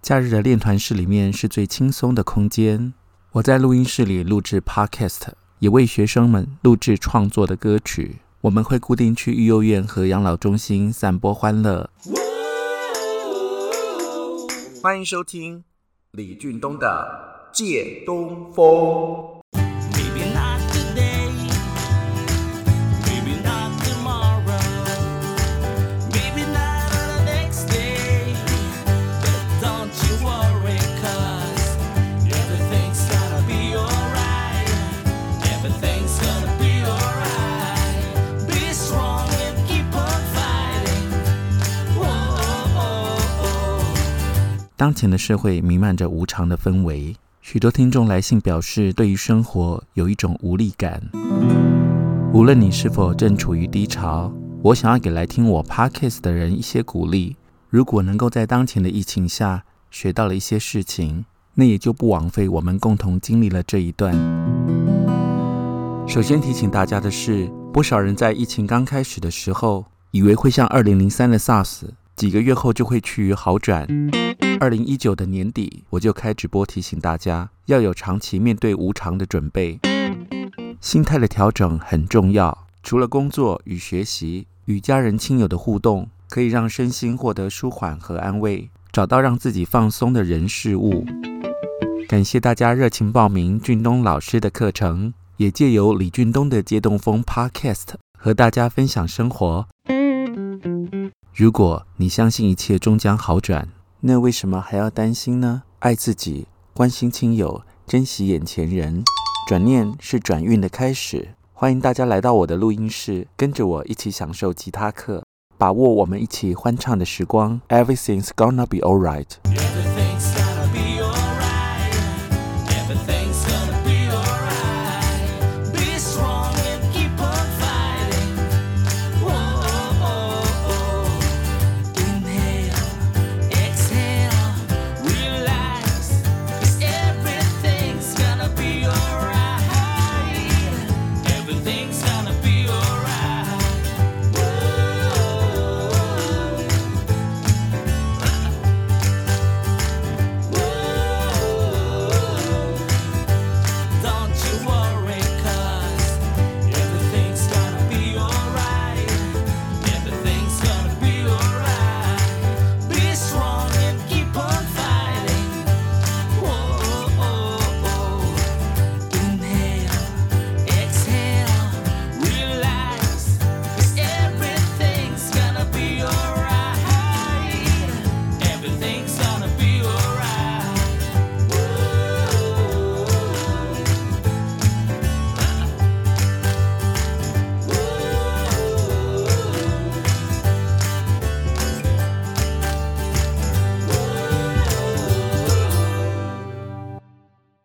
假日的練團室裡面是最輕鬆的空間。我在錄音室裡錄製 Podcast，也為學生們錄製創作的歌曲。我們會固定去育幼院和養老中心散播歡樂。歡迎收聽李俊東的《借東風》。當前的社會瀰漫着無常的氛圍，許多聽眾來信表示，對於生活有一種無力感。無論你是否正處於低潮，我想要給來聽我 Podcast 的人一些鼓勵。如果能夠在當前的疫情下學到了一些事情，那也就不枉費我們共同經歷了這一段。首先提醒大家的是，不少人在疫情剛開始的時候，以為會像二零零三的 SARS。幾個月後就會趨於好轉。二零一九的年底，我就開直播提醒大家，要有長期面對無常的準備，心態的調整很重要。除了工作與學習，與家人親友的互動可以讓身心獲得舒緩和安慰，找到讓自己放鬆的人事物。感謝大家熱情報名俊東老師的課程，也借由李俊東的《借東風》Podcast 和大家分享生活。如果你相信一切終將好轉，那為什麼還要擔心呢？愛自己，關心親友，珍惜眼前人。轉念是轉運的開始。歡迎大家來到我的錄音室，跟着我一起享受吉他課，把握我們一起歡唱的時光。Everything's gonna be alright.